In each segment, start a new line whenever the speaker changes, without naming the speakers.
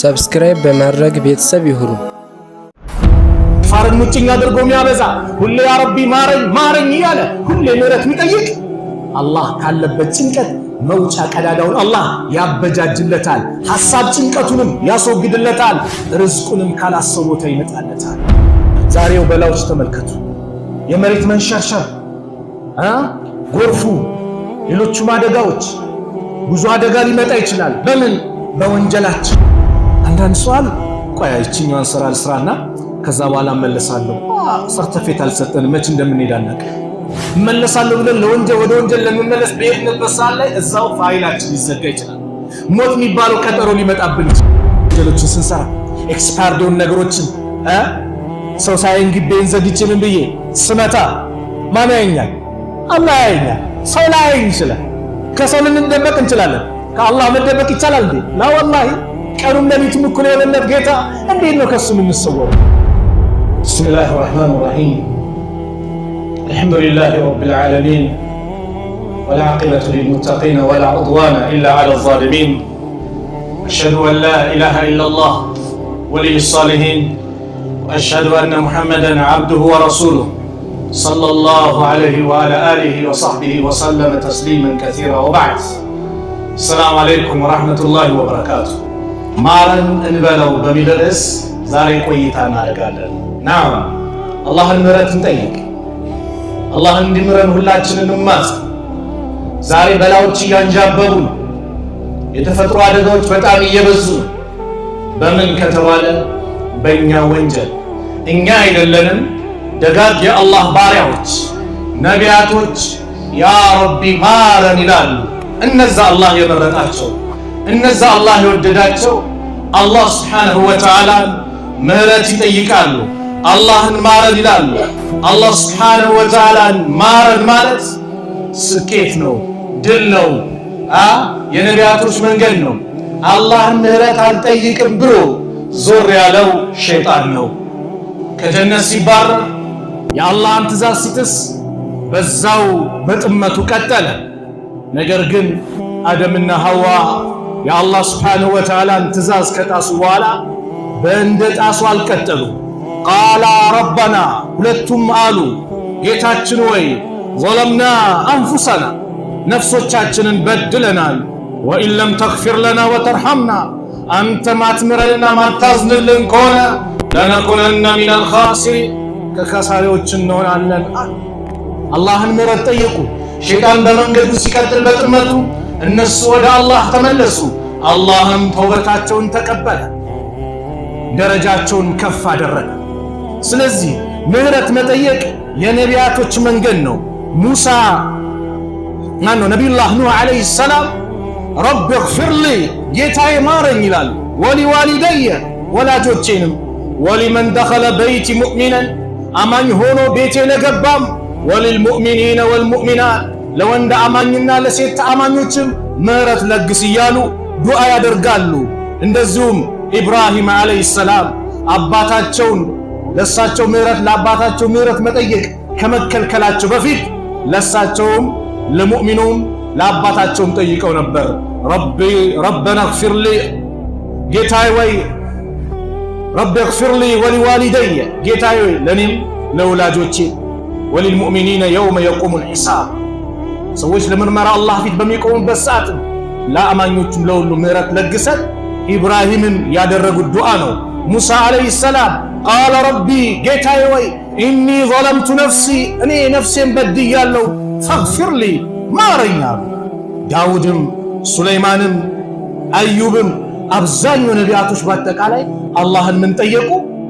ሰብስክራይብ በማድረግ ቤተሰብ ይሁኑ። ፋርን ሙጭኝ አድርጎ የሚያበዛ ሁሌ ያ ረቢ ማረኝ ማረኝ እያለ ሁሌ ምህረት የሚጠይቅ አላህ ካለበት ጭንቀት መውጫ ቀዳዳውን አላህ ያበጃጅለታል። ሐሳብ ጭንቀቱንም ያስወግድለታል። ርዝቁንም ካላሰው ቦታ ይመጣለታል። ዛሬው በላዎች ተመልከቱ። የመሬት መንሸርሸር ጎርፉ፣ ሌሎቹም አደጋዎች ብዙ አደጋ ሊመጣ ይችላል። በምን በወንጀላችን። አንዳንድ ሰው አለ ቆይ ይችኛዋን ስራ ልስራና ከዛ በኋላ እመለሳለሁ። ሰርተፌት አልሰጠን መች እንደምንሄድ አናውቅም። እመለሳለሁ ብለን ለወንጀል ወደ ወንጀል ለመመለስ በሄድንበት ሰዓት ላይ እዛው ፋይላችን ሊዘጋ ይችላል። ሞት የሚባለው ቀጠሮ ሊመጣብን ይችላል። ወንጀሎችን ስንሰራ ኤክስፓርዶን ነገሮችን ሰው ሳይንግቤን ዘግቼ ምን ብዬ ስመታ ማን ያኛል? الله أعلم سولا إنشلا كسول نندبك إنشلا لا كالله مندبك إنشلا لا لا والله كرمنا نتم كل يوم نبغيتا أني إنه كسم من الصور بسم الله الرحمن الرحيم الحمد لله رب العالمين ولا عقبة للمتقين ولا عضوان إلا على الظالمين أشهد أن لا إله إلا الله ولي الصالحين وأشهد أن محمدا عبده ورسوله ሰለላሁ ዐለይሂ ወዐላ አሊሂ ወሰሕቢሂ ወሰለመ ተስሊመን ከሲራ ወበዕድ። ሰላም አለይኩም ወረሕመቱላሂ ወበረካቱ። ማረን እንበለው በሚል ርዕስ ዛሬ ቆይታ እናደርጋለን። ና አላህን ምሕረት እንጠይቅ። አላህን እንዲምረን ሁላችንን እንማጽ። ዛሬ በላዎች እያንዣበቡ የተፈጥሮ አደጋዎች በጣም እየበዙ በምን ከተባለ በእኛ ወንጀል እኛ አይደለንም ደጋግ የአላህ ባሪያዎች ነቢያቶች ያ ረቢ ማረን ይላሉ። እነዛ አላህ የመረጣቸው እነዛ አላህ የወደዳቸው አላህ ስብሓነሁ ወተዓላ ምህረት ይጠይቃሉ። አላህን ማረን ይላሉ። አላህ ስብሓነሁ ወተዓላን ማረን ማለት ስኬት ነው፣ ድል ነው፣ የነቢያቶች መንገድ ነው። አላህን ምህረት አልጠይቅም ብሎ ዞር ያለው ሸይጣን ነው ከጀነት ሲባረር የአላህን ትእዛዝ ሲጥስ በዛው በጥመቱ ቀጠለ። ነገር ግን አደምና ሐዋ የአላህ ስብሓንሁ ወተዓላን ትእዛዝ ከጣሱ በኋላ በእንደ ጣሱ አልቀጠሉ። ቃላ ረበና ሁለቱም አሉ ጌታችን ወይ ዘለምና አንፉሰና ነፍሶቻችንን በድለናል። ወኢን ለም ተግፊር ለና ወተርሐምና አንተ ማትምረንና ማታዝንልን ከሆነ ለነኩነና ሚነል ኻሲሪን ከካሳሪዎች እንሆናለን። አላህን ምሕረት ጠይቁ ሸይጣን በመንገዱ ሲቀጥል በጥመቱ እነሱ ወደ አላህ ተመለሱ። አላህም ተውበታቸውን ተቀበለ፣ ደረጃቸውን ከፍ አደረገ። ስለዚህ ምሕረት መጠየቅ የነቢያቶች መንገድ ነው። ሙሳ ነው? ነቢዩላህ ኑህ ዓለይሂ ሰላም ረብ ግፊርሊ ጌታዬ ማረኝ ይላል። ወሊ ዋሊደየ ወላጆቼንም ወሊመን ደኸለ በይቲ ሙእሚነን አማኝ ሆኖ ቤቴን ገባም ወልልሙእሚኒነ ወልሙእሚናት ለወንድ አማኝና ለሴት ተአማኞችም ምሕረት ለግስ እያሉ ዱዓ ያደርጋሉ። እንደዚሁም ኢብራሂም ዓለይሂ ሰላም አባታቸውን ለሳቸው ምሕረት ለአባታቸው ምሕረት መጠየቅ ከመከልከላቸው በፊት ለእሳቸውም ለሙእሚኑም ለአባታቸውም ጠይቀው ነበር። ረቢ ረበና ግፊር ጌታይ ወይ ረቢ እግፊር ሊ ወሊዋሊደየ ጌታዬ ለእኔም ለወላጆቼ ወሊልሙእሚኒነ የውመ የቁሙል ሒሳብ ሰዎች ለምርመራ አላህ ፊት በሚቆሙበት ሰዓት ለአማኞቹም ለሁሉ ምህረት ለግሰን ኢብራሂምን ያደረጉት ዱዓ ነው። ሙሳ ዓለይሂ ሰላም ቃለ ረቢ ጌታዬ ወይ ኢኒ ዘለምቱ ነፍሲ እኔ ነፍሴን በድያለሁ፣ ፈግፊር ሊ ማረኛ። ዳውድም ሱለይማንም አዩብም አብዛኛው ነቢያቶች በአጠቃላይ አላህን ምን ጠየቁ?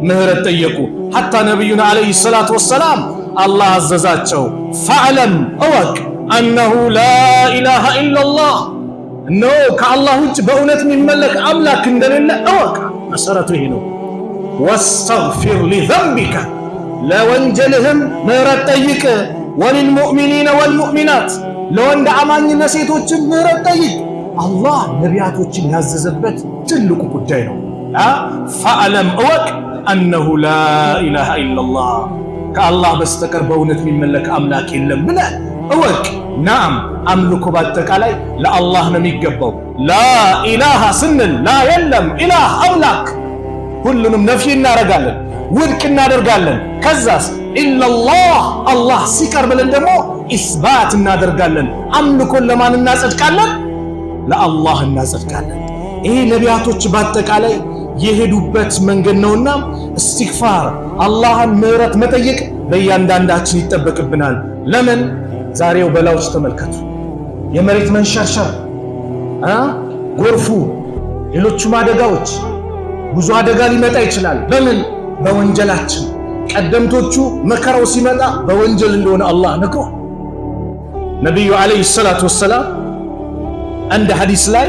ምህረት ጠየቁ። ሐታ ነቢዩና ዓለይሂ ሰላቱ ወሰላም አላህ አዘዛቸው፣ ፈዕለም እወቅ አነሁ ላኢላሃ ኢለላህ እነሆ ከአላህ ውጭ በእውነት የሚመለክ አምላክ እንደሌለ እወቅ። መሰረቱ ይሄ ነው። ወስተግፊር ሊዘንቢከ ለወንጀልህም ምህረት ጠይቅ። ወሊልሙእሚኒነ ወልሙእሚናት ለወንድ አማኝና ሴቶችም ምህረት ጠይቅ። አላህ ነቢያቶችን ያዘዘበት ትልቁ ጉዳይ ነው። ፈዕለም እወቅ አነሁ ላኢላሃ ኢላሃ ኢለላህ ከአላህ በስተቀር በእውነት የሚመለክ አምላክ የለም ብለህ እወቅ። ናም አምልኮ በአጠቃላይ ለአላህ ነው የሚገባው። ላኢላሃ ስንል ላ የለም፣ ኢላህ አምላክ ሁሉንም ነፍይ እናደርጋለን፣ ውድቅ እናደርጋለን። ከዛስ ኢለላህ አላህ ሲቀር ብለን ደግሞ ኢስባት እናደርጋለን። አምልኮን ለማን እናጸድቃለን? ለአላህ እናጸድቃለን። ይህ ነቢያቶች በአጠቃላይ የሄዱበት መንገድ ነውና እስትግፋር፣ አላህን ምህረት መጠየቅ በእያንዳንዳችን ይጠበቅብናል። ለምን ዛሬው በላዎች ተመልከቱ፣ የመሬት መንሸርሸር፣ ጎርፉ፣ ሌሎቹም አደጋዎች፣ ብዙ አደጋ ሊመጣ ይችላል። በምን በወንጀላችን ቀደምቶቹ መከራው ሲመጣ በወንጀል እንደሆነ አላህ ነግሮ ነቢዩ ዓለይሂ ሰላቱ ወሰላም እንደ ሐዲስ ላይ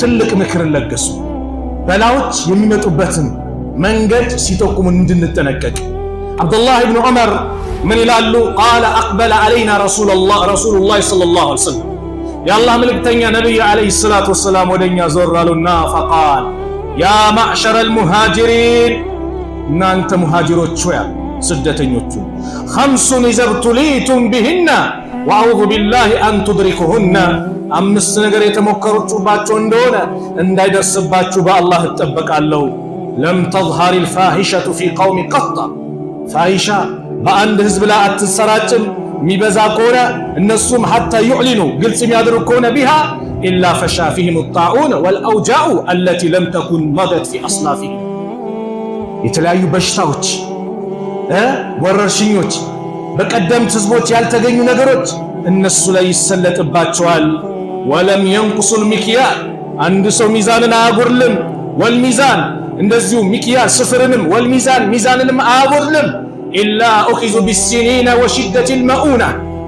ትልቅ ምክርን ለገሱ። በላዎች የሚመጡበትን መንገድ ሲጠቁሙ እንድንጠነቀቅ አብዱላህ ብን ዑመር ምን ይላሉ? ቃለ አቅበለ አለይና ረሱሉላህ ሰለላሁ ዐለይሂ ወሰለም የአላህ መልእክተኛ ነቢይ ዓለይሂ ሰላቱ ወሰላም ወደኛ ዞር አሉና ፈቃል ያ ማዕሸረል ሙሃጅሪን እናንተ ሙሃጅሮቹ ያ ስደተኞቹ ኸምሱን ኢዘብቱሊቱም ቢህና ወአዑዙ ቢላሂ አን ቱድሪኩሁና አምስት ነገር የተሞከሩባቸው እንደሆነ እንዳይደርስባችሁ በአላህ እጠበቃለሁ። ለም ተዝሀር ልፋሂሸቱ ፊ ቀውሚ ቀጣ ፋሂሻ በአንድ ህዝብ ላይ አትሰራጭም። የሚበዛ ከሆነ እነሱም ሐታ ዩዕሊኑ ግልጽ የሚያደርግ ከሆነ ቢሃ ኢላ ፈሻ ፊህም ጣዑን ወልአውጃኡ አለቲ ለም ተኩን መደት ፊ አስናፊህም የተለያዩ በሽታዎች፣ ወረርሽኞች፣ በቀደምት ህዝቦች ያልተገኙ ነገሮች እነሱ ላይ ይሰለጥባቸዋል። ወለም የንቁሱል ሚክያል አንድ ሰው ሚዛንን አያጎርልም። ወልሚዛን እንደዚሁ ሚክያል ስፍርንም ወልሚዛን ሚዛንንም አያጎርልም። ኢላ ኡኪዙ ቢሲኒነ ወሽደቲል መኡና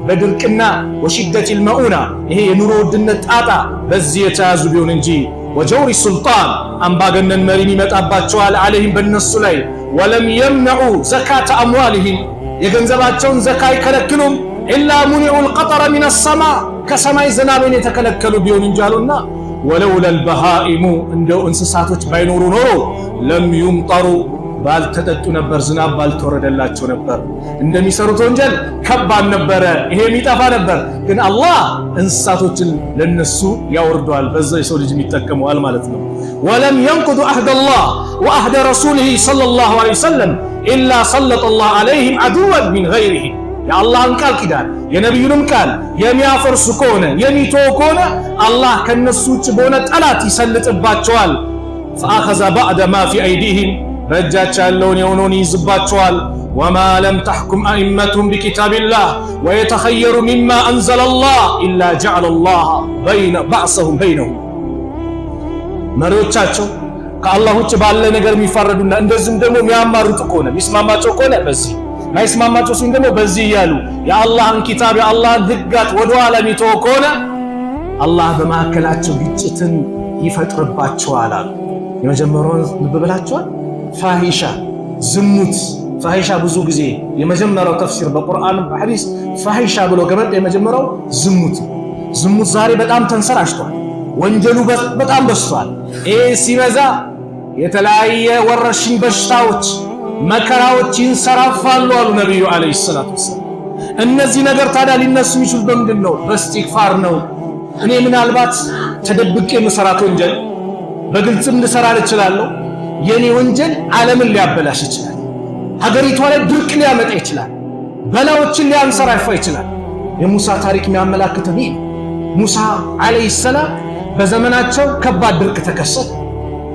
በድርቅና ወሽደቲል መኡና ይሄ የኑሮ ውድነት ጣጣ በዚህ የተያዙ ቢሆን እንጂ ወጀውሪ ሱልጣን አምባገነን መሪም ይመጣባቸዋል። አለይህም በነሱ ላይ ወለም የምነዑ ዘካተ አምዋልህም የገንዘባቸውን ዘካ አይከለክሉም። ኢላ ሙኒዑ ልቀጠረ ሚን ሰማ ከሰማይ ዝናብን የተከለከሉ ቢሆን እንጂ አሉና ወለውላ እንደው እንስሳቶች ባይኖሩ ኖሮ ለም ዩምጠሩ ባልተጠጡ ነበር፣ ዝናብ ባልተወረደላቸው ነበር። እንደሚሰሩት ወንጀል ከባድ ነበረ፣ ይሄ የሚጠፋ ነበር። ግን አላህ እንስሳቶችን ለነሱ ያወርደዋል። በዛ የሰው ልጅ ይጠቀመዋል ማለት ነው። ወለም የንቁዱ አህደ ላህ ወአህደ ረሱሊህ ሰለላሁ ዐለይሂ ወሰለም ኢላ ሰለጠ ላህ ዐለይህም ዐዱወን ሚን ገይሪሂም የአላህን ቃል ኪዳን የነቢዩንም ቃል የሚያፈርሱ ከሆነ የሚተው ከሆነ አላህ ከነሱ ውጭ በሆነ ጠላት ይሰልጥባቸዋል። ፈአኸዘ ባዕደ ማ ፊ አይዲህም በእጃቸው ያለውን የሆነውን ይይዝባቸዋል። ወማ ለም ተሕኩም አኢመቱም ቢኪታቢላህ ወየተኸየሩ ሚማ አንዘለላህ ኢላ ጀዐለ ላህ ባዕሰሁም በይነሁም። መሪዎቻቸው ከአላህ ውጭ ባለ ነገር የሚፋረዱና እንደዚህም ደግሞ የሚያማርጡ ከሆነ የሚስማማቸው ከሆነ በዚህ ማይስማማቸው ሲሆን ደግሞ በዚህ እያሉ የአላህን ኪታብ የአላህን ህጋት ወደኋላ የሚተው ከሆነ አላህ በማዕከላቸው ግጭትን ይፈጥርባቸዋል አሉ። የመጀመሪያውን ልብ ብላችኋል። ፋሂሻ ዝሙት፣ ፋሂሻ ብዙ ጊዜ የመጀመሪያው ተፍሲር በቁርአን በሐዲስ ፋሂሻ ብሎ ገመድ የመጀመሪያው ዝሙት። ዝሙት ዛሬ በጣም ተንሰራጭቷል። ወንጀሉ በጣም በዝቷል። ይህ ሲበዛ የተለያየ ወረርሽኝ በሽታዎች መከራዎች ይንሰራፋሉ አሉ ነቢዩ አለይሂ ሰላቱ ወሰላም። እነዚህ ነገር ታዲያ ሊነሱ የሚችሉት በምንድን ነው? በእስቲግፋር ነው። እኔ ምናልባት ተደብቄ የምሰራት ወንጀል በግልጽም ልሰራ እችላለሁ። የኔ ወንጀል ዓለምን ሊያበላሽ ይችላል። ሀገሪቷ ላይ ድርቅ ሊያመጣ ይችላል። በላዎችን ሊያንሰራፋ ይችላል። የሙሳ ታሪክ የሚያመላክት ይህ ሙሳ አለይሂ ሰላም በዘመናቸው ከባድ ድርቅ ተከሰተ።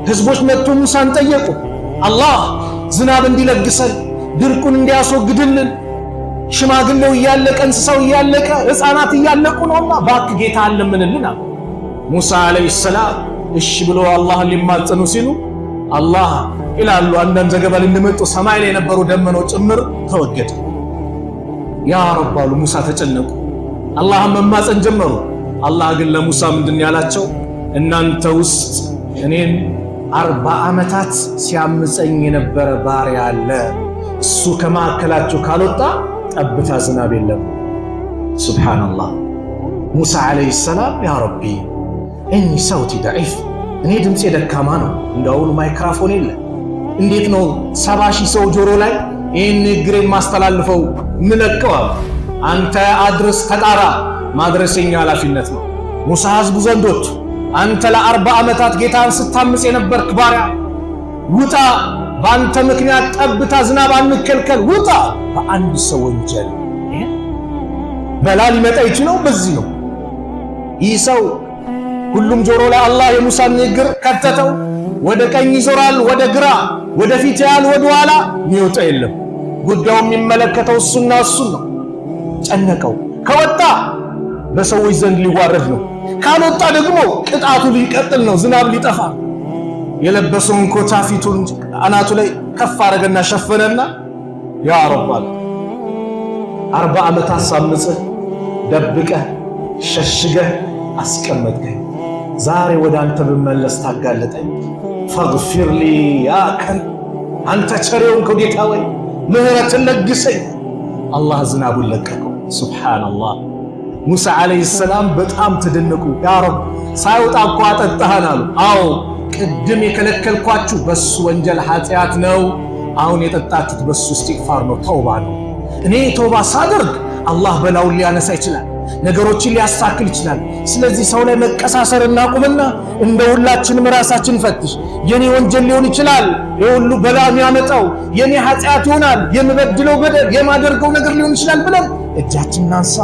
ህዝቦች መጥቶ ሙሳን ጠየቁ አላህ ዝናብ እንዲለግሰን፣ ድርቁን እንዲያስወግድልን ሽማግሌው እያለቀ እንስሳው እያለቀ ሕፃናት እያለቁ ነውና ባክ ጌታ አለምንልን አለ። ሙሳ ዓለይሂ ሰላም እሺ ብሎ አላህን ሊማጸኑ ሲሉ አላህ ይላሉ አንዳንድ ዘገባ እንደመጡ ሰማይ ላይ የነበሩ ደመናው ጭምር ተወገደ። ያ ረብ አሉ ሙሳ ተጨነቁ። አላህን መማፀን ጀመሩ። አላህ ግን ለሙሳ ምንድን ያላቸው እናንተ ውስጥ እኔን አርባ ዓመታት ሲያምፀኝ የነበረ ባሪያ አለ፣ እሱ ከማዕከላችሁ ካልወጣ ጠብታ ዝናብ የለም። ሱብሓነላህ። ሙሳ ዓለይሂ ሰላም ያ ረቢ እኒ ሰውቲ ደዒፍ፣ እኔ ድምፄ ደካማ ነው፣ እንዳውኑ ማይክራፎን የለ፣ እንዴት ነው ሰባ ሺህ ሰው ጆሮ ላይ ይህን ንግሬን ማስተላልፈው ምለቀዋ? አንተ አድርስ ተጣራ፣ ማድረሰኛ ኃላፊነት ነው። ሙሳ ህዝቡ ዘንዶት አንተ ለአርባ ዓመታት ጌታን ስታምጽ የነበርክ ባሪያ ውጣ፣ በአንተ ምክንያት ጠብታ ዝናብ አንከልከል፣ ውጣ። በአንድ ሰው ወንጀል በላ ሊመጣ ይችለው። በዚህ ነው ይህ ሰው ሁሉም ጆሮ ላይ አላህ የሙሳን ንግግር ከተተው። ወደ ቀኝ ይዞራል፣ ወደ ግራ፣ ወደ ፊት ያህል ወደ ኋላ የሚወጣ የለም። ጉዳዩ የሚመለከተው እሱና እሱን ነው። ጨነቀው ከወጣ በሰዎች ዘንድ ሊዋረድ ነው። ካልወጣ ደግሞ ቅጣቱ ሊቀጥል ነው። ዝናብ ሊጠፋ የለበሰውን ኮታ ፊቱን አናቱ ላይ ከፍ አረገና ሸፈነና ያ ረባል አርባ ዓመታት ሳምጽህ ደብቀህ ሸሽገህ አስቀመጥከኝ። ዛሬ ወደ አንተ ብመለስ ታጋለጠኝ። ፈግፊር ሊ ያ ከን አንተ ቸሬውን ከጌታ ወይ ምህረትን ለግሰኝ። አላህ ዝናቡን ለቀቀው። ሱብሓነላህ ሙሳ ዓለይሂ ሰላም በጣም ተደነቁ። ያ ረብ ሳይወጣ እኮ አጠጣህን አሉ። አዎ ቅድም የከለከልኳችሁ በሱ ወንጀል ኃጢአት ነው። አሁን የጠጣችሁት በሱ እስቲግፋር ነው፣ ተውባ ነው። እኔ ተውባ ሳደርግ አላህ በላውን ሊያነሳ ይችላል፣ ነገሮችን ሊያስተካክል ይችላል። ስለዚህ ሰው ላይ መቀሳሰር እናቁምና እንደ ሁላችንም ራሳችን ፈትሽ። የኔ ወንጀል ሊሆን ይችላል የሁሉ በላ የሚያመጣው የኔ ኃጢአት ይሆናል፣ የምበድለው በደል የማደርገው ነገር ሊሆን ይችላል ብለን እጃችን እናንሳ።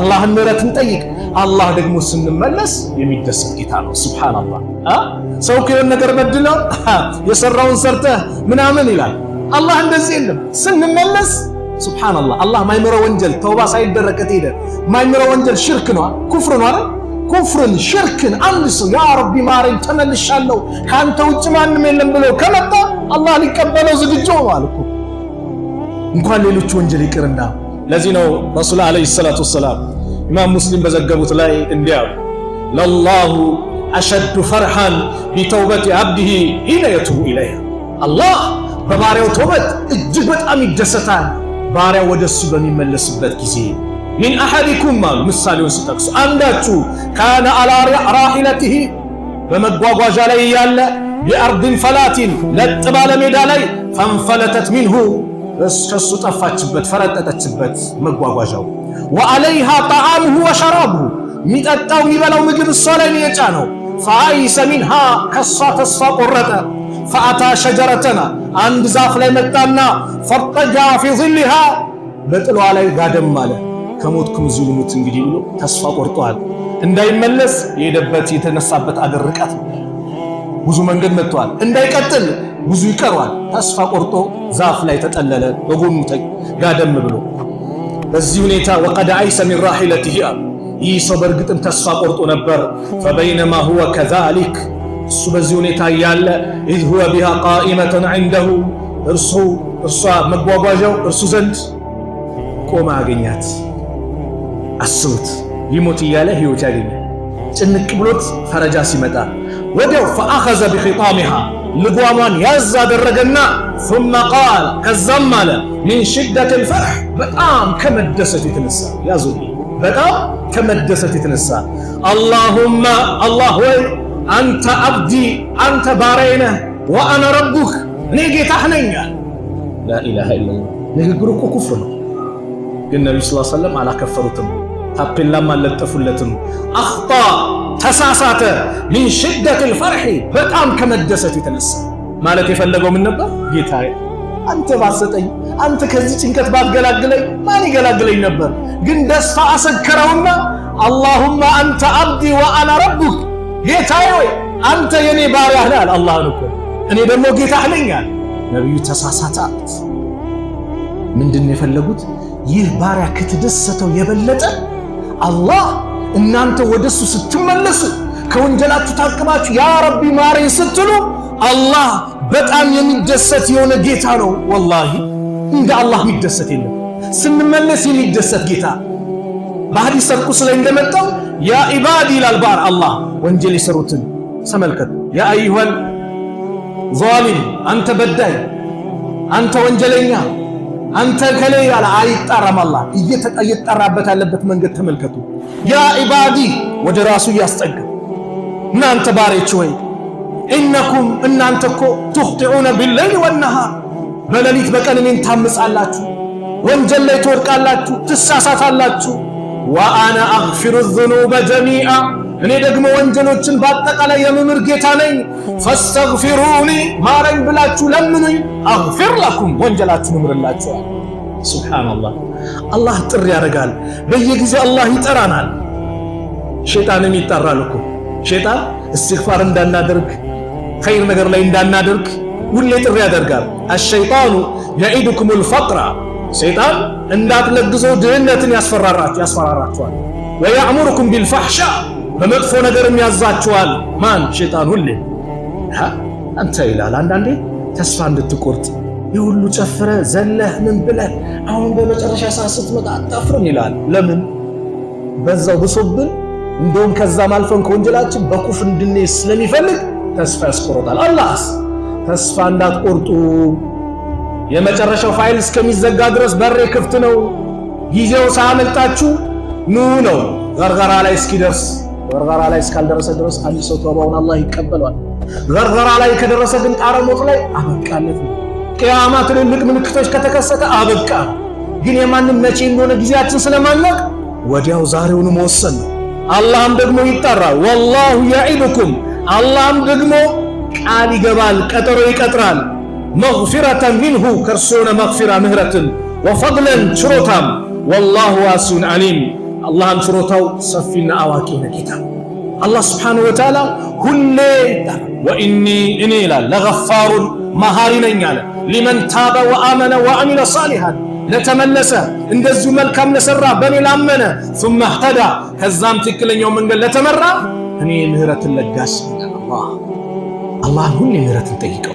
አላህን ምሕረትን ጠይቅ። አላህ ደግሞ ስንመለስ የሚደሰት ጌታ ነው። ሱብሃንአላህ ሰው ከየሆነ ነገር በድለው የሰራውን ሰርተህ ምናምን ይላል። አላህ እንደዚህ የለም። ስንመለስ ሱብሃንአላህ አላህ ማይምረው ወንጀል ተውባ ሳይደረግ ሄደ። ማይምረው ወንጀል ሽርክ ነው፣ ኩፍር ነው አይደል? ኩፍርን ሽርክን አንድ ሰው ያ ረቢ ማረኝ ተመልሻለሁ ከአንተ ውጭ ማንም የለም ብሎ ከመጣ አላህ ሊቀበለው ዝግጁ ነው አልኩ። እንኳን ሌሎች ወንጀል ይቅርና ለዚህ ነው ረሱል ዓለይሂ ሰላቱ ወሰላም ኢማም ሙስሊም በዘገቡት ላይ እንዲህ ለላሁ አሸዱ ፈርሃን ቢተውበቲ አብዲሂ ሒነ የቱቡ ኢለይሃ። አላህ በባሪያው ተውበት እጅግ በጣም ይደሰታል ባሪያው ወደ እሱ በሚመለስበት ጊዜ። ሚን አሐዲኩም አሉ ምሳሌውን ሲጠቅሱ አንዳችሁ ካነ አላ ራሒለቲሂ በመጓጓዣ ላይ እያለ ቢአርድን ፈላቲን ለጥ ባለ ሜዳ ላይ ፈንፈለተት ሚንሁ ከሱ ጠፋችበት፣ ፈረጠጠችበት መጓጓዣው። ወአለይሃ ጣዓምሁ ወሸራቡሁ የሚጠጣው የሚበላው ምግብ እሷ ላይ ነው የጫነው። ፈአይሰ ሚንሃ ከሷ ተስፋ ቆረጠ። ፈአታ ሸጀረተና አንድ ዛፍ ላይ መጣና ፈርጠጃ ፊ ظልሃ በጥሏ ላይ ጋደም አለ። ከሞትኩም እዚሁ ልሙት እንግዲህ ብሎ ተስፋ ቆርጠዋል። እንዳይመለስ የሄደበት የተነሳበት አገር ርቀት ነው። ብዙ መንገድ መጥቷል። እንዳይቀጥል ብዙ ይቀሯል። ተስፋ ቆርጦ ዛፍ ላይ ተጠለለ፣ በጎኑ ጋደም ብሎ። በዚህ ሁኔታ ወቀድ አይሰ ሚን ራሒለትህ አሉ። ይህ ሰው በእርግጥም ተስፋ ቆርጦ ነበር። ፈበይነማ ሁወ ከዛሊክ እሱ በዚህ ሁኔታ እያለ ኢዝ ሁወ ቢሃ ቃኢመተን ዐንደሁ እርሱ እርሷ መጓጓዣው እርሱ ዘንድ ቆማ አገኛት። አስቡት፣ ሊሞት እያለ ህይወት ያገኛል። ጭንቅ ብሎት ፈረጃ ሲመጣ ወዲያው ፈአኸዘ ቢኺጣሚሃ ልጓሟን ያዝ አደረገና ثم قال ከዛም አለ ሚን ሽደት الفرح በጣም ከመደሰት የተነሳ ያዙ በጣም ከመደሰት የተነሳ አላሁመ አላህ ወይ አንተ አብዲ አንተ ባሪያዬ ነህ ወአነ ረቡክ እኔ ጌታህ ነኝ ላ ኢላሃ ንግግሩ እኮ ኩፍር ነው ግን ነቢዩ ስ ሰለም አላከፈሩትም ታፔላም አልለጠፉለትም። አኽጣ ተሳሳተ። ሚን ሽደት ልፈርሒ በጣም ከመደሰት የተነሳ ማለት የፈለገው ምን ነበር? ጌታዬ አንተ ባሰጠኝ፣ አንተ ከዚህ ጭንቀት ባትገላግለኝ ማን ይገላግለኝ ነበር? ግን ደስታ አሰከረውና አላሁማ አንተ አብዲ ወአና ረቡክ፣ ጌታዬ ወይ አንተ የኔ ባሪያህ ነህ አለ። አላህን እኮ እኔ ደግሞ ጌታህ ነኝ አለ። ነቢዩ ተሳሳተ አሉት። ምንድን ነው የፈለጉት? ይህ ባሪያ ከተደሰተው የበለጠ አላህ እናንተ ወደሱ ስትመለሱ ከወንጀላችሁ ታቅባችሁ ያ ረቢ ማረኝ ስትሉ አላህ በጣም የሚደሰት የሆነ ጌታ ነው። ወላሂ እንደ አላህ የሚደሰት የለም። ስንመለስ የሚደሰት ጌታ በሐዲስ ቁድስ ላይ እንደመጣው ያ ኢባድ ይላል ባር አላህ ወንጀል የሰሩትን ተመልከቱ። ያ አዩሃል ዛሊም አንተ በዳይ አንተ ወንጀለኛ አንተ ከሌ ያለ አይጣራም። አላህ እየተጣራበት ያለበት መንገድ ተመልከቱ። ያ ኢባዲ ወደ ራሱ እያስጠጋ እናንተ ባሬች ወይ እነኩም እናንተ እኮ ትኽጢዑነ ቢለይል ወነሃር በሌሊት በቀን እኔን ታምጻላችሁ፣ ወንጀል ላይ ትወድቃላችሁ፣ ትሳሳታላችሁ። ወአነ አግፊሩ ዙኑበ ጀሚዓ እኔ ደግሞ ወንጀሎችን በአጠቃላይ የምምር ጌታ ነኝ። ፈስተግፊሩኒ ማረኝ ብላችሁ ለምኑኝ፣ አግፊር ለኩም ወንጀላችሁ እምርላችኋል። ሱብሓነላህ አላህ ጥሪ ያደርጋል። በየጊዜ አላህ ይጠራናል፣ ሸይጣንም ይጠራል እኮ ሸይጣን እስትግፋር እንዳናደርግ ኸይር ነገር ላይ እንዳናደርግ ሁሌ ጥሪ ያደርጋል። አሸይጣኑ የዒድኩም ልፈቅራ ሰይጣን እንዳትለግዘው ድህነትን ያስፈራራችኋል። ወያእሙርኩም ቢልፋሕሻ በመጥፎ ነገርም ያዛችኋል። ማን? ሸይጣን ሁሌ አንተ ይላል። አንዳንዴ ተስፋ እንድትቆርጥ የሁሉ ጨፍረ ዘለህ ምን ብለህ አሁን በመጨረሻ ሰዓት ስትመጣ ይላል። ለምን? በዛው ብሶብን፣ እንደውም ከዛም አልፈን ከወንጀላችን በኩፍ እንድንሄድ ስለሚፈልግ ተስፋ ያስቆርጣል። አላህስ ተስፋ እንዳትቆርጡ የመጨረሻው ፋይል እስከሚዘጋ ድረስ በሬ ክፍት ነው። ጊዜው ሳያመልጣችሁ ኑ ነው፣ ገርገራ ላይ እስኪደርስ ገርገራ ላይ እስካልደረሰ ድረስ አንድ ሰው ተውባውን አላህ ይቀበለዋል። ገርገራ ላይ ከደረሰ ግን ጣረ ሞት ላይ አበቃለት ነው። ቅያማ ትልልቅ ምልክቶች ከተከሰተ አበቃ። ግን የማንም መቼ እንደሆነ ጊዜያችን ስለማናቅ ወዲያው ዛሬውን መወሰን ነው። አላህም ደግሞ ይጠራ ወላሁ ያዒዱኩም አላህም ደግሞ ቃል ይገባል፣ ቀጠሮ ይቀጥራል። መግፊረተን ሚንሁ ከእርሱ የሆነ መግፊራ ምህረትን፣ ወፈድለን ችሮታም፣ ወላሁ ዋሲዑን ዓሊም አላህም ችሮታው ሰፊና አዋቂ ነው ጌታ። አላህ ስብሓነሁ ወተዓላ ሁሌ ይጠራል። ወኢኒ እኔ ይላል ለገፋሩን መሃሪ ነኝ አለ። ሊመን ታበ ወአመነ ወአሚለ ሳሊሃን ለተመለሰ እንደዚሁ መልካም ለሠራ በእኔ ላመነ ሱመ ህተዳ ከዛም ትክክለኛው መንገድ ለተመራ እኔ ምህረትን ለጋስ አላህ አላህን ሁሌ ምህረትን ጠይቀው